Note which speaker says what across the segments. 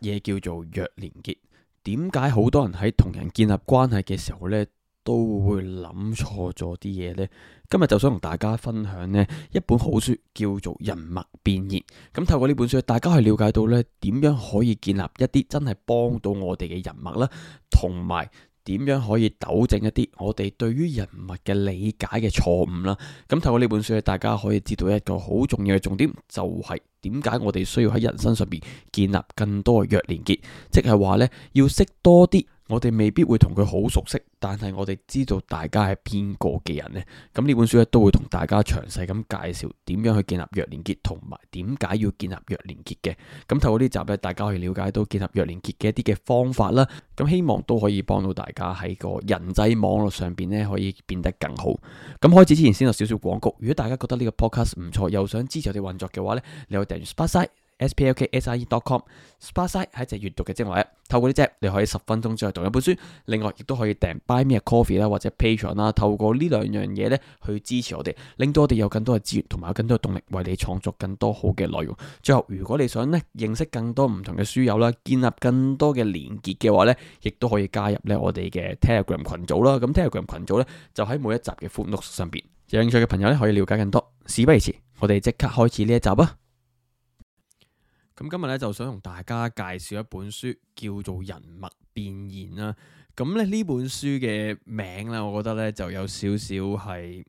Speaker 1: 嘢叫做弱連結，點解好多人喺同人建立關係嘅時候呢，都會諗錯咗啲嘢呢？今日就想同大家分享呢一本好書，叫做《人脈變現》。咁透過呢本書，大家去了解到呢點樣可以建立一啲真係幫到我哋嘅人脈啦，同埋，點樣可以糾正一啲我哋對於人物嘅理解嘅錯誤啦？咁透過呢本書，大家可以知道一個好重要嘅重點，就係點解我哋需要喺人生上面建立更多嘅弱連結，即係話呢，要識多啲。我哋未必會同佢好熟悉，但係我哋知道大家係邊個嘅人咧。咁呢本書咧都會同大家詳細咁介紹點樣去建立弱連結，同埋點解要建立弱連結嘅。咁透過呢集咧，大家可以去了解到建立弱連結嘅一啲嘅方法啦。咁希望都可以幫到大家喺個人際網絡上邊咧可以變得更好。咁開始之前先有少少廣告。如果大家覺得呢個 Podcast 唔錯，又想支持我哋運作嘅話呢，你可以點 Sparksine.com，Sparksine 係一隻閱讀嘅應用咧。透過呢隻，你可以十分鐘之內讀一本書。另外，亦都可以訂 Buy Me a Coffee 啦，或者 Patreon 啦。透過呢兩樣嘢咧，去支持我哋，令到我哋有更多嘅資源，同埋有更多嘅動力，為你創作更多好嘅內容。最後，如果你想咧認識更多唔同嘅書友啦，建立更多嘅連結嘅話咧，亦都可以加入咧我哋嘅 Telegram 群組啦。咁 Telegram 群組咧，就喺每一集嘅 Final Notes 副錄上邊。有興趣嘅朋友咧，可以了解更多。事不宜遲，我哋即刻開始呢一集啊！咁今日咧就想同大家介紹一本書，叫做《人脈變現》啦。咁咧呢本書嘅名咧，我覺得咧就有少少係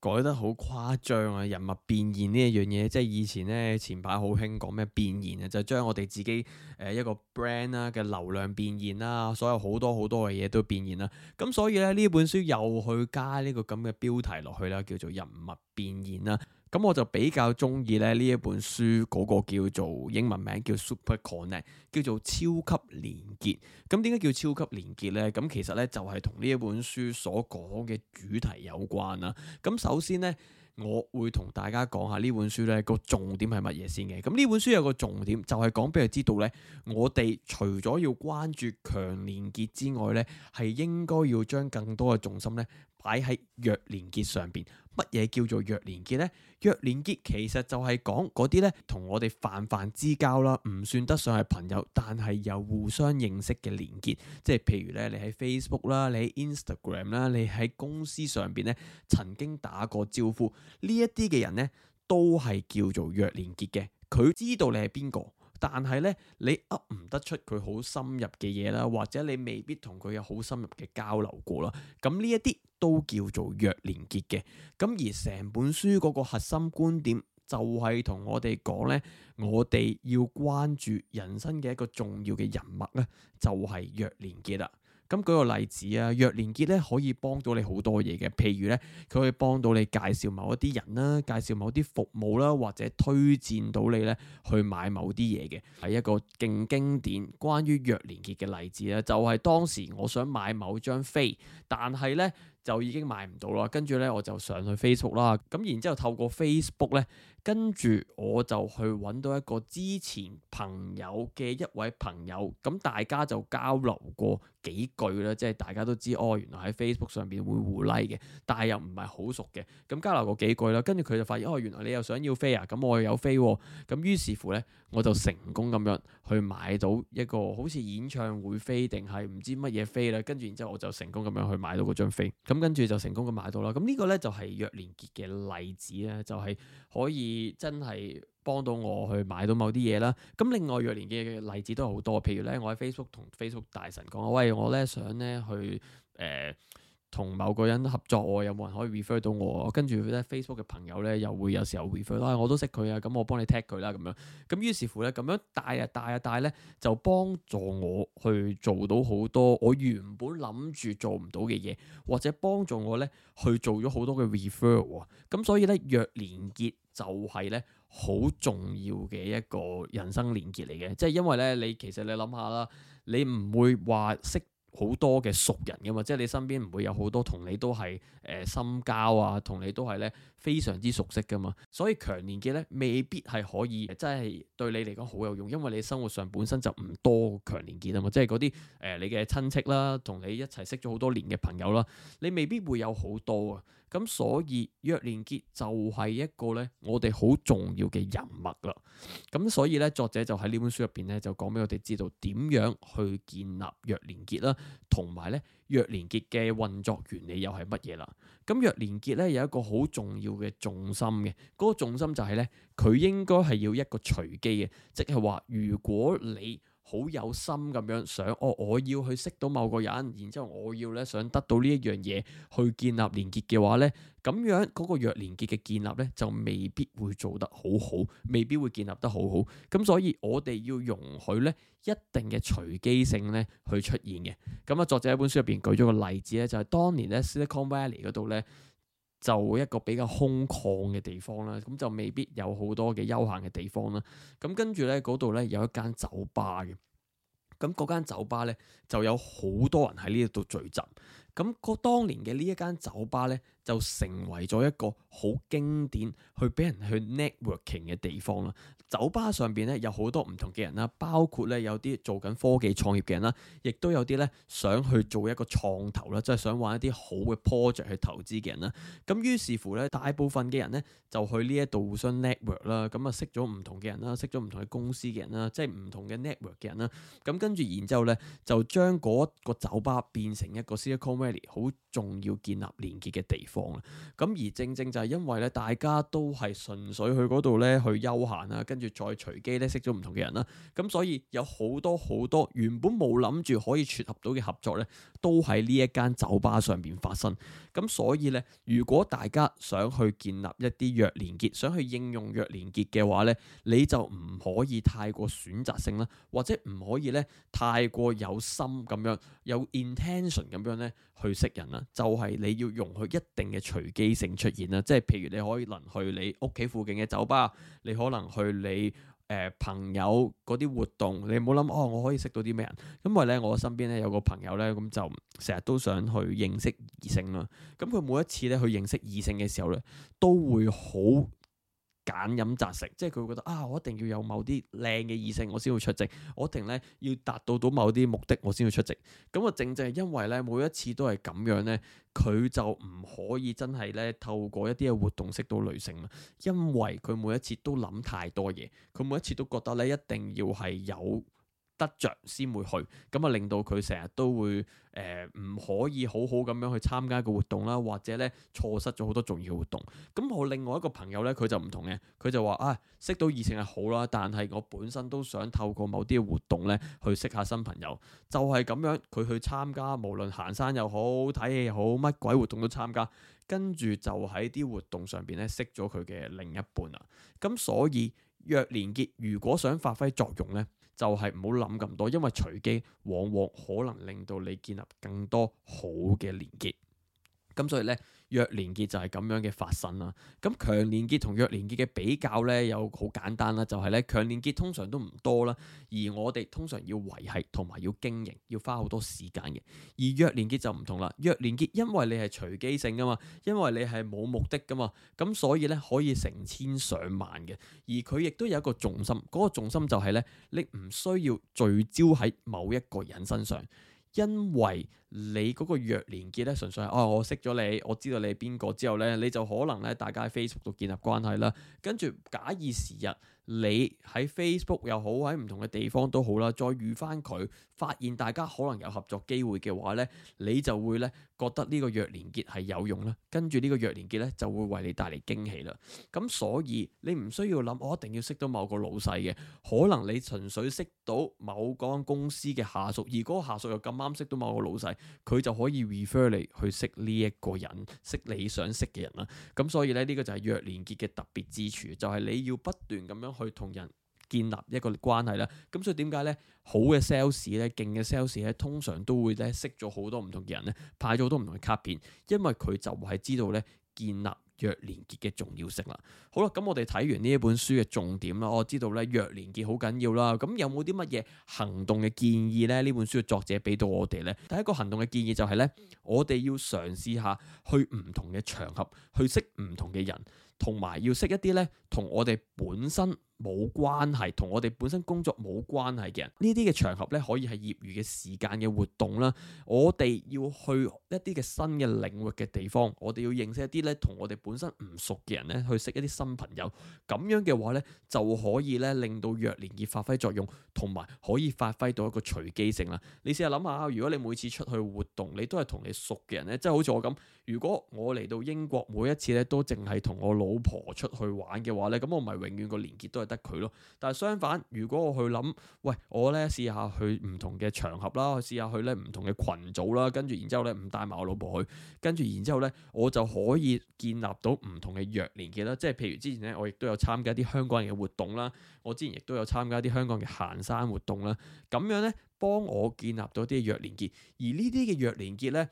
Speaker 1: 改得好誇張啊！人脈變現呢一樣嘢，即係以前咧前排好興講咩變現啊，就將、是、我哋自己誒一個 brand 啦嘅流量變現啦，所有好多好多嘅嘢都變現啦。咁所以咧呢本書又去加呢個咁嘅標題落去啦，叫做《人脈變現》啦。咁我就比較中意咧呢一本書，嗰個叫做英文名叫 Super Connect，叫做超級連結。咁點解叫超級連結呢？咁其實呢，就係同呢一本書所講嘅主題有關啦。咁首先呢，我會同大家講下呢本書呢個重點係乜嘢先嘅。咁呢本書有個重點就係講俾佢知道呢，我哋除咗要關注強連結之外呢，係應該要將更多嘅重心呢。擺喺弱連結上邊，乜嘢叫做弱連結呢？弱連結其實就係講嗰啲呢，同我哋泛泛之交啦，唔算得上係朋友，但係又互相認識嘅連結。即係譬如咧，你喺 Facebook 啦，你喺 Instagram 啦，你喺公司上邊咧，曾經打過招呼呢一啲嘅人呢，都係叫做弱連結嘅。佢知道你係邊個。但係咧，你噏唔得出佢好深入嘅嘢啦，或者你未必同佢有好深入嘅交流過啦，咁呢一啲都叫做弱連結嘅。咁而成本書嗰個核心觀點就係同我哋講咧，我哋要關注人生嘅一個重要嘅人物咧，就係弱連結啦。咁舉個例子啊，弱連結咧可以幫到你好多嘢嘅，譬如咧佢可以幫到你介紹某一啲人啦，介紹某啲服務啦，或者推薦到你咧去買某啲嘢嘅，係一個勁經典關於弱連結嘅例子啦。就係、是、當時我想買某張飛，但係咧就已經買唔到啦，跟住咧我就上去 Facebook 啦，咁然之後透過 Facebook 咧。跟住我就去揾到一個之前朋友嘅一位朋友，咁大家就交流過幾句啦，即係大家都知，哦，原來喺 Facebook 上面會互 like 嘅，但係又唔係好熟嘅，咁交流過幾句啦，跟住佢就發現，哦，原來你又想要飛啊，咁我又有飛喎、啊，咁於是乎呢，我就成功咁樣去買到一個好似演唱會飛定係唔知乜嘢飛啦，跟住然之後我就成功咁樣去買到嗰張飛，咁跟住就成功咁買到啦，咁、這、呢個呢，就係弱連結嘅例子咧，就係可以。真係幫到我去買到某啲嘢啦。咁另外弱連結嘅例子都好多，譬如呢，我喺 Facebook 同 Facebook 大神講，喂，我呢，想呢去誒。呃同某個人合作喎，有冇人可以 refer 到我？跟住咧，Facebook 嘅朋友咧，又會有時候 refer 啦，我都識佢啊，咁我幫你 tag 佢啦，咁樣。咁於是乎咧，咁樣帶啊帶啊帶咧，就幫助我去做到好多我原本諗住做唔到嘅嘢，或者幫助我咧去做咗好多嘅 refer 喎、哦。咁所以咧，弱連結就係咧好重要嘅一個人生連結嚟嘅，即係因為咧，你其實你諗下啦，你唔會話識。好多嘅熟人㗎嘛，即係你身邊唔會有好多同你都係誒深交啊，同你都係咧，非常之熟悉噶嘛，所以強連結咧，未必係可以真係對你嚟講好有用，因為你生活上本身就唔多強連結啊嘛，即係嗰啲誒你嘅親戚啦，同你一齊識咗好多年嘅朋友啦，你未必會有好多啊，咁所以弱連結就係一個咧我哋好重要嘅人物啦，咁所以咧，作者就喺呢本書入邊咧就講俾我哋知道點樣去建立弱連結啦。同埋咧，弱連結嘅運作原理又係乜嘢啦？咁弱連結咧有一個好重要嘅重心嘅，嗰個重心就係咧，佢應該係要一個隨機嘅，即係話如果你，好有心咁樣想，哦，我要去識到某個人，然之後我要咧想得到呢一樣嘢去建立連結嘅話咧，咁樣嗰個弱連結嘅建立咧就未必會做得好好，未必會建立得好好。咁所以我哋要容許咧一定嘅隨機性咧去出現嘅。咁啊，作者喺本書入邊舉咗個例子咧，就係當年咧 Silicon Valley 嗰度咧。就一個比較空曠嘅地方啦，咁就未必有好多嘅休閒嘅地方啦。咁跟住咧，嗰度咧有一間酒吧嘅，咁嗰間酒吧咧就有好多人喺呢一度聚集。咁個當年嘅呢一間酒吧咧，就成為咗一個好經典去俾人去 networking 嘅地方啦。酒吧上邊咧有好多唔同嘅人啦，包括咧有啲做緊科技創業嘅人啦，亦都有啲咧想去做一個創投啦，即係想玩一啲好嘅 project 去投資嘅人啦。咁於是乎咧，大部分嘅人咧就去呢一度互相 network 啦，咁啊識咗唔同嘅人啦，識咗唔同嘅公司嘅人啦，即係唔同嘅 network 嘅人啦。咁跟住然之後咧，就將嗰個酒吧變成一個 c 好重要建立連結嘅地方啦，咁而正正就係因為咧，大家都係純粹去嗰度咧去休閒呀，跟住再隨機咧識咗唔同嘅人啦，咁所以有好多好多原本冇諗住可以撮合到嘅合作咧，都喺呢一間酒吧上邊發生。咁所以咧，如果大家想去建立一啲弱連結，想去應用弱連結嘅話咧，你就唔可以太過選擇性啦，或者唔可以咧太過有心咁樣，有 intention 咁樣咧。去識人啦，就係、是、你要容許一定嘅隨機性出現啦，即係譬如你可以能去你屋企附近嘅酒吧，你可能去你誒、呃、朋友嗰啲活動，你唔好諗哦，我可以識到啲咩人。因為咧，我身邊咧有個朋友咧，咁就成日都想去認識異性啦。咁佢每一次咧去認識異性嘅時候咧，都會好揀飲擇食，即係佢會覺得啊，我一定要有某啲靚嘅異性，我先會出席；我一定咧要達到到某啲目的，我先會出席。咁啊，正正係因為咧，每一次都係咁樣咧，佢就唔可以真係咧透過一啲嘅活動識到女性啦。因為佢每一次都諗太多嘢，佢每一次都覺得咧一定要係有，得着先會去，咁啊令到佢成日都會誒唔、呃、可以好好咁樣去參加一個活動啦，或者咧錯失咗好多重要活動。咁我另外一個朋友咧，佢就唔同嘅，佢就話啊，識到異性係好啦，但係我本身都想透過某啲活動咧去識下新朋友，就係、是、咁樣佢去參加，無論行山又好，睇戲又好，乜鬼活動都參加，跟住就喺啲活動上邊咧識咗佢嘅另一半啦。咁所以弱連結如果想發揮作用咧？就係唔好諗咁多，因為隨機往往可能令到你建立更多好嘅連結。咁所以呢。弱連結就係咁樣嘅發生啦。咁強連結同弱連結嘅比較咧，有好簡單啦，就係咧強連結通常都唔多啦，而我哋通常要維繫同埋要經營，要花好多時間嘅。而弱連結就唔同啦，弱連結因為你係隨機性噶嘛，因為你係冇目的噶嘛，咁所以咧可以成千上萬嘅。而佢亦都有一個重心，嗰個重心就係咧，你唔需要聚焦喺某一個人身上。因為你嗰個弱連結咧，純粹係，哦，我識咗你，我知道你係邊個之後咧，你就可能咧，大家喺 Facebook 度建立關係啦，跟住假以時日。你喺 Facebook 又好，喺唔同嘅地方都好啦，再遇翻佢，發現大家可能有合作機會嘅話咧，你就會咧覺得呢個弱連結係有用啦。跟住呢個弱連結咧就會為你帶嚟驚喜啦。咁所以你唔需要諗，我一定要識到某個老細嘅，可能你純粹識到某間公司嘅下屬，而嗰個下屬又咁啱識到某個老細，佢就可以 refer 你去識呢一個人，識你想識嘅人啦。咁所以咧呢個就係弱連結嘅特別之處，就係你要不斷咁樣。去同人建立一個關係啦，咁所以點解咧好嘅 sales 咧，勁嘅 sales 咧，通常都會咧識咗好多唔同嘅人咧，派咗好多唔同嘅卡片，因為佢就係知道咧建立弱連結嘅重要性啦。好啦，咁我哋睇完呢一本書嘅重點啦，我知道咧弱連結好緊要啦。咁有冇啲乜嘢行動嘅建議咧？呢本書嘅作者俾到我哋咧，第一個行動嘅建議就係咧，我哋要嘗試下去唔同嘅場合去識唔同嘅人。同埋要識一啲咧，同我哋本身冇關係，同我哋本身工作冇關係嘅人，呢啲嘅場合咧可以係業餘嘅時間嘅活動啦。我哋要去一啲嘅新嘅領域嘅地方，我哋要認識一啲咧同我哋本身唔熟嘅人咧，去識一啲新朋友。咁樣嘅話咧，就可以咧令到弱連結發揮作用，同埋可以發揮到一個隨機性啦。你試下諗下啊，如果你每次出去活動，你都係同你熟嘅人咧，即係好似我咁，如果我嚟到英國每一次咧都淨係同我老老婆出去玩嘅話咧，咁我咪永遠個連結都係得佢咯。但係相反，如果我去諗，喂，我咧試下去唔同嘅場合啦，我試下去咧唔同嘅群組啦，跟住然之後咧唔帶埋我老婆去，跟住然之後咧，我就可以建立到唔同嘅弱連結啦。即係譬如之前咧，我亦都有參加一啲香港人嘅活動啦，我之前亦都有參加一啲香港嘅行山活動啦，咁樣咧，幫我建立到一啲弱連結，而呢啲嘅弱連結咧。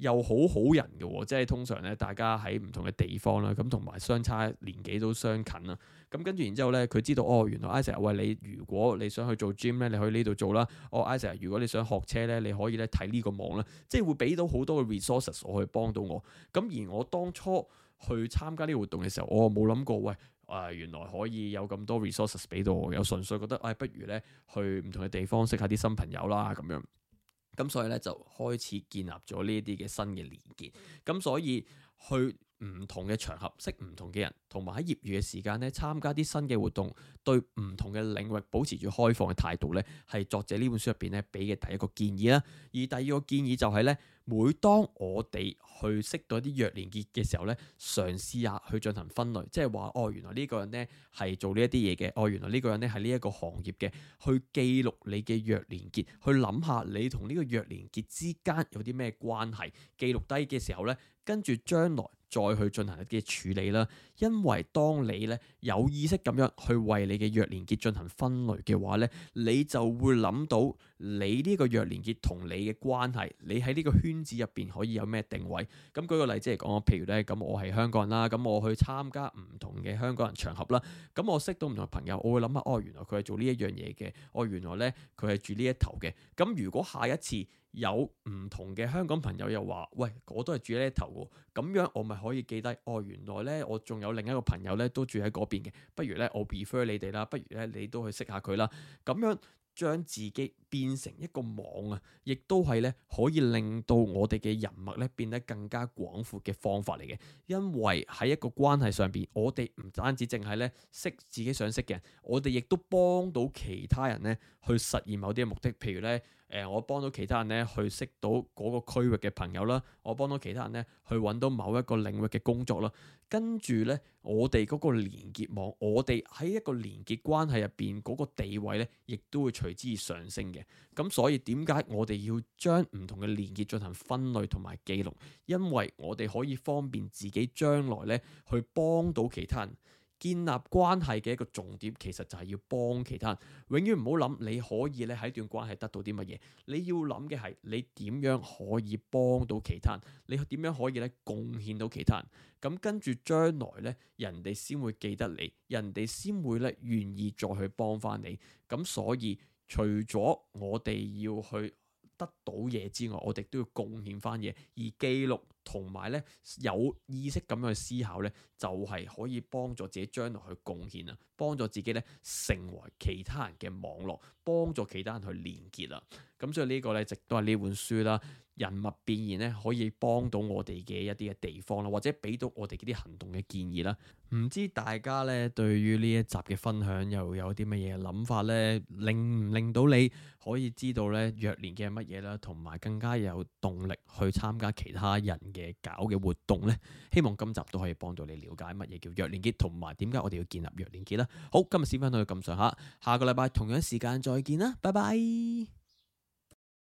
Speaker 1: 又好好人嘅、哦，即係通常咧，大家喺唔同嘅地方啦，咁同埋相差年紀都相近啦，咁跟住然之後咧，佢知道哦，原來 i s a 喂你如果你想去做 gym 咧，你去呢度做啦。哦 i s a 如果你想學車咧，你可以咧睇呢個網啦，即係會俾到好多嘅 resources 我去幫到我。咁而我當初去參加呢個活動嘅時候，我冇諗過，喂，誒、呃、原來可以有咁多 resources 俾到我，有純粹覺得，誒、哎、不如咧去唔同嘅地方識下啲新朋友啦，咁樣。咁所以咧就開始建立咗呢啲嘅新嘅連結，咁所以去唔同嘅場合識唔同嘅人，同埋喺業餘嘅時間咧參加啲新嘅活動，對唔同嘅領域保持住開放嘅態度咧，係作者呢本書入邊咧俾嘅第一個建議啦。而第二個建議就係咧，每當我哋去識到一啲弱連結嘅時候咧，嘗試下去進行分類，即係話哦，原來呢個人咧係做呢一啲嘢嘅，哦，原來呢個人咧係呢一個行業嘅，去記錄你嘅弱連結，去諗下你同呢個弱連結之間有啲咩關係，記錄低嘅時候咧，跟住將來。再去進行一啲嘅處理啦，因為當你咧有意識咁樣去為你嘅弱連結進行分類嘅話咧，你就會諗到你呢個弱連結同你嘅關係，你喺呢個圈子入邊可以有咩定位？咁舉個例子嚟講，譬如咧，咁我係香港人啦，咁我去參加唔同嘅香港人場合啦，咁我識到唔同嘅朋友，我會諗下哦，原來佢係做呢一樣嘢嘅，哦，原來咧佢係住呢一頭嘅，咁如果下一次。有唔同嘅香港朋友又話：喂，我都係住呢一頭嘅，咁樣我咪可以記低。哦，原來咧，我仲有另一個朋友咧，都住喺嗰邊嘅。不如咧，我 prefer 你哋啦。不如咧，你都去識下佢啦。咁樣將自己變成一個網啊，亦都係咧可以令到我哋嘅人脈咧變得更加廣闊嘅方法嚟嘅。因為喺一個關係上邊，我哋唔單止淨係咧識自己想識嘅人，我哋亦都幫到其他人咧去實現某啲嘅目的。譬如咧。誒、呃，我幫到其他人咧，去識到嗰個區域嘅朋友啦。我幫到其他人咧，去揾到某一個領域嘅工作啦。跟住咧，我哋嗰個連結網，我哋喺一個連結關係入邊嗰個地位咧，亦都會隨之而上升嘅。咁所以點解我哋要將唔同嘅連結進行分類同埋記錄？因為我哋可以方便自己將來咧去幫到其他人。建立關係嘅一個重點，其實就係要幫其他人。永遠唔好諗你可以咧喺段關係得到啲乜嘢，你要諗嘅係你點樣可以幫到其他人，你點樣可以咧貢獻到其他人。咁跟住將來咧，人哋先會記得你，人哋先會咧願意再去幫返你。咁所以，除咗我哋要去得到嘢之外，我哋都要貢獻翻嘢，而記錄同埋咧有意識咁樣去思考咧，就係可以幫助自己將來去貢獻啊，幫助自己咧成為其他人嘅網絡，幫助其他人去連結啊。咁所以呢個咧，亦都係呢本書啦。人脈變現咧，可以幫到我哋嘅一啲嘅地方啦，或者俾到我哋啲行動嘅建議啦。唔知大家咧對於呢一集嘅分享又有啲乜嘢諗法咧？令唔令到你可以知道咧弱連結係乜嘢啦？同埋更加有動力去參加其他人嘅搞嘅活動咧？希望今集都可以幫到你了解乜嘢叫弱連結，同埋點解我哋要建立弱連結啦。好，今日先返到咁上下，下個禮拜同樣時間再見啦，拜拜。